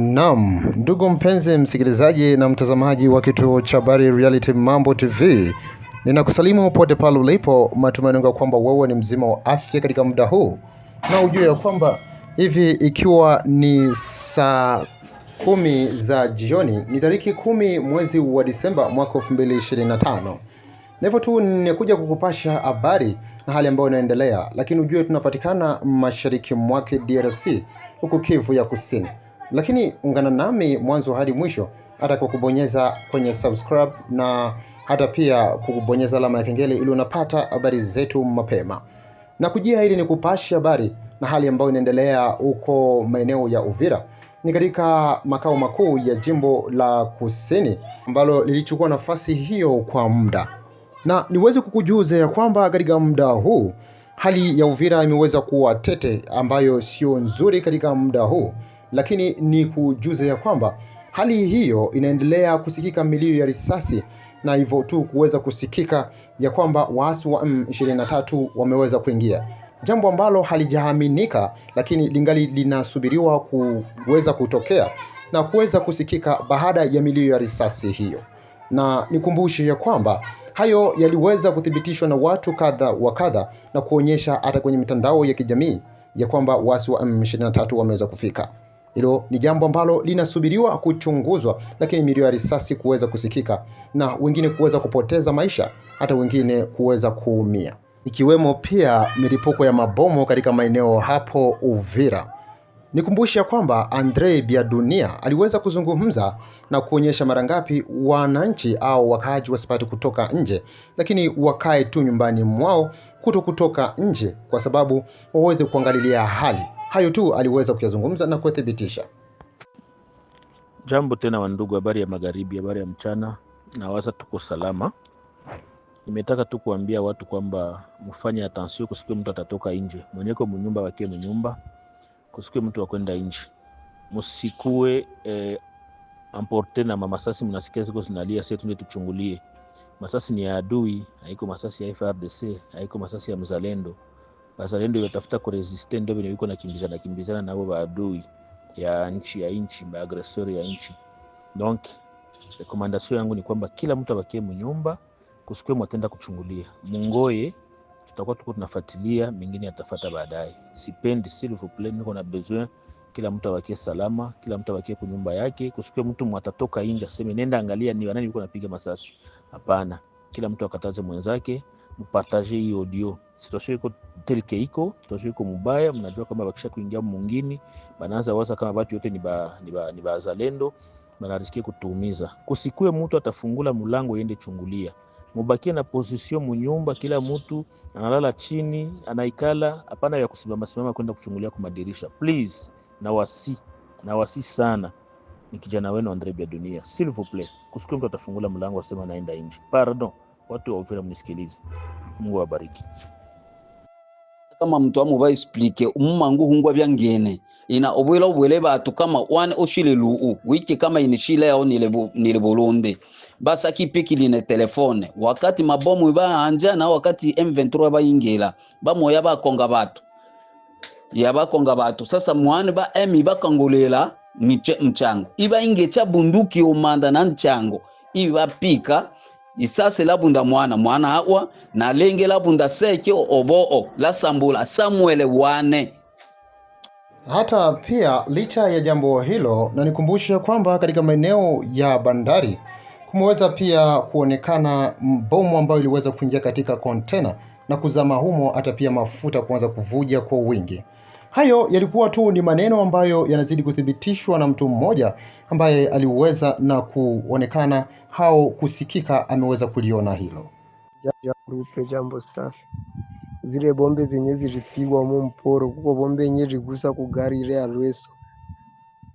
Naam, ndugu mpenzi msikilizaji na mtazamaji wa kituo cha habari Reality Mambo TV, ninakusalimu pote pale ulipo, matumaini yangu kwamba wewe ni mzima wa afya katika muda huu, na ujue ya kwamba hivi ikiwa ni saa kumi za jioni, ni tariki kumi mwezi wa Disemba mwaka 2025 na hivyo tu ninakuja kukupasha habari na hali ambayo inaendelea, lakini ujue tunapatikana mashariki mwake DRC, huku Kivu ya Kusini lakini ungana nami mwanzo hadi mwisho, hata kwa kubonyeza kwenye subscribe na hata pia kubonyeza alama ya kengele ili unapata habari zetu mapema na kujia ili ni kupashi habari na hali ambayo inaendelea huko maeneo ya Uvira. Ni katika makao makuu ya jimbo la Kusini ambalo lilichukua nafasi hiyo kwa muda, na niweze kukujuza ya kwamba katika muda huu hali ya Uvira imeweza kuwa tete, ambayo sio nzuri katika muda huu lakini ni kujuza ya kwamba hali hiyo inaendelea kusikika milio ya risasi na hivyo tu kuweza kusikika ya kwamba waasi wa M23 wameweza kuingia, jambo ambalo halijaaminika, lakini lingali linasubiriwa kuweza kutokea na kuweza kusikika baada ya milio ya risasi hiyo. Na nikumbushe ya kwamba hayo yaliweza kuthibitishwa na watu kadha wa kadha na kuonyesha hata kwenye mitandao ya kijamii ya kwamba waasi wa M23 wameweza kufika. Hilo ni jambo ambalo linasubiriwa kuchunguzwa, lakini milio ya risasi kuweza kusikika na wengine kuweza kupoteza maisha, hata wengine kuweza kuumia, ikiwemo pia milipuko ya mabomu katika maeneo hapo Uvira. Nikumbushe kwamba Andre Biadunia aliweza kuzungumza na kuonyesha mara ngapi wananchi au wakaaji wasipate kutoka nje, lakini wakae tu nyumbani mwao, kuto kutoka nje kwa sababu waweze kuangalilia hali Hayo tu aliweza kuyazungumza na kuthibitisha. Jambo tena wandugu, habari ya magharibi, habari ya mchana, na waza tuko salama. Nimetaka tu kuambia watu kwamba mfanye atensio, kusikia mtu atatoka nje mwenyeko mnyumba wake mnyumba, kusikia mtu akwenda nje, msikue eh, amporte na masasi. Mnasikia ziko zinalia, sisi tunde tuchungulie. Masasi ni ya adui, haiko masasi ya frdc haiko masasi ya mzalendo. Wazalendo inatafuta kuresiste, ndio venye iko nakimbizana kimbizana nao baadui ya nchi ya nchi maagresori ya nchi. Donc rekomandasio yangu ni kwamba kila mtu abakie mnyumba, kusikwe mwatenda kuchungulia mungoye, tutakuwa tuko tunafuatilia, mengine yatafuata baadaye. Sipendi s'il vous plait, niko na besoin kila mtu abakie salama, kila mtu abakie kunyumba yake, kusikwe mtu mwatatoka inja sema nenda angalia ni wanani yuko napiga masasi. Hapana, kila mtu akataze mwenzake mupartage hii audio. Situation iko tel que iko, situation iko mubaya. Mnajua kama bakisha kuingia mungini banaanza waza kama batu yote ni ba ni ba ni bazalendo, banarisikia kutuumiza. Kusikue mtu atafungula mulango yende chungulia, mubakie na position munyumba, kila mtu analala chini anaikala, hapana ya kusimama simama kwenda kuchungulia kwa madirisha. Please na wasi na wasi sana ni kijana wenu Andre Bia Dunia, s'il vous plaît, kusikue mtu atafungula mlango asema naenda nje. Pardon watu wa Uvira mnisikilize. Mungu awabariki. Kama mtu amu ba explique umangu hungwa byangene ina obwela obwele batu kama wane oshile luu wiki kama inishile yao nile Burundi basa kipiki line telefone wakati mabomu ba anja na wakati M23 ba ingela ba moya ba konga batu ya ba konga batu sasa mwane ba M ba kangolela mchango iba ingecha bunduki omanda na nchango iba pika isase labunda mwana mwana awa na lenge labunda seke oboo lasambula samuele wane hata pia licha ya jambo hilo, na nikumbushe kwamba katika maeneo ya bandari kumeweza pia kuonekana bomu ambayo iliweza kuingia katika kontena na kuzama humo, hata pia mafuta kuanza kuvuja kwa wingi. Hayo yalikuwa tu ni maneno ambayo yanazidi kuthibitishwa na mtu mmoja ambaye aliweza na kuonekana hao kusikika ameweza kuliona hilo. Kurupe jambo staff zile bombe zenye zilipigwa mu mporo kuko bombe yenye iligusa kugari ile alweso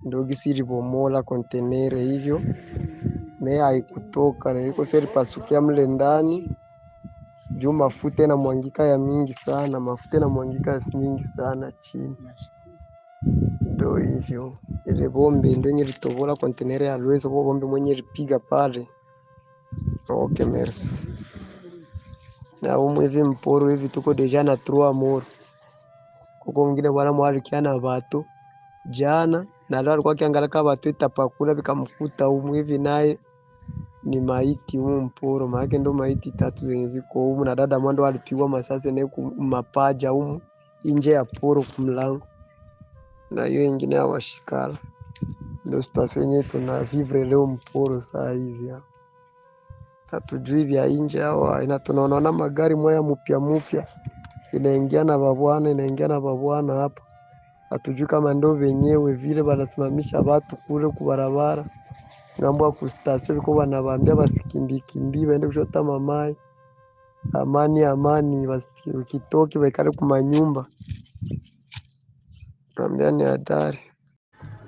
ndogisi ilivomola kontenere hivyo me haikutoka nalikose lipasukia mle ndani juu mafuta na mwangika ya mingi sana, mafuta na mwangika ya mingi sana chini. Ndo hivyo ile bombe ndio yenye litobola container ya Lweso, kwa bombe mwenye lipiga pale. okay merci na umu hivi mporo hivi tuko deja na trois mort kuko mwingine bwana na watu jana na leo alikuwa kwa watu itapakula bikamkuta umu hivi naye ni maiti huu mporo, maake ndo maiti tatu zenye ziko humu, na dada mwando alipigwa masase naye mapaja humu inje ya poro kumlango, na hiyo ingine ya washikala Ndo situasio yenye tunavivre leo mporo saa hizi ya hatujui vya inje hawa ina tunaonaona magari moya mupya mupya inaingia na babwana inaingia na babwana hapa, hatujui kama ndo venyewe vile wanasimamisha watu kule kubarabara ngambo ya kustasio viko wanavaambia vasikimbikimbii vaende kushota mamai amani amani, ukitoki vaikare kumanyumba ambia ni hatari.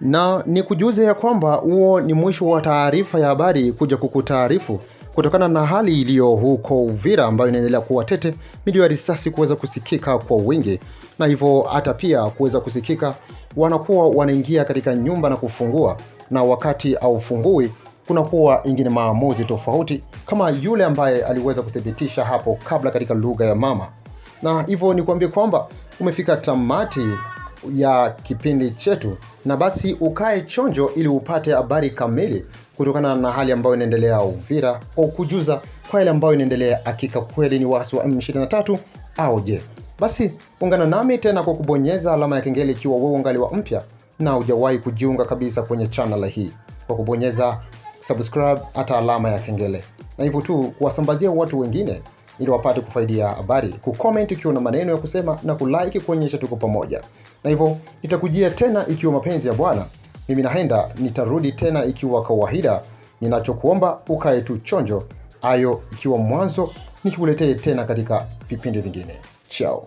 Na ni kujuze ya kwamba huo ni mwisho wa taarifa ya habari kuja kukutaarifu kutokana na hali iliyo huko Uvira ambayo inaendelea kuwa tete, milio ya risasi kuweza kusikika kwa wingi, na hivyo hata pia kuweza kusikika wanakuwa wanaingia katika nyumba na kufungua na wakati aufungui kunakuwa ingine maamuzi tofauti, kama yule ambaye aliweza kuthibitisha hapo kabla katika lugha ya mama. Na hivyo ni kuambia kwamba umefika tamati ya kipindi chetu, na basi ukae chonjo ili upate habari kamili kutokana na hali ambayo inaendelea Uvira, kwa kujuza kwa ile ambayo inaendelea. Hakika kweli ni wasi wa M23 au je? Basi ungana nami tena kwa kubonyeza alama ya kengele ikiwa wewe wa mpya na hujawahi kujiunga kabisa kwenye chanel hii kwa kubonyeza subscribe hata alama ya kengele, na hivyo tu kuwasambazia watu wengine ili wapate kufaidia habari, kucomment ikiwa na maneno ya kusema na kulike kuonyesha tuko pamoja. Na hivyo nitakujia tena ikiwa mapenzi ya Bwana. Mimi naenda nitarudi tena ikiwa kawaida, ninachokuomba ukae tu chonjo, ayo ikiwa mwanzo, nikikuletee tena katika vipindi vingine. Chao.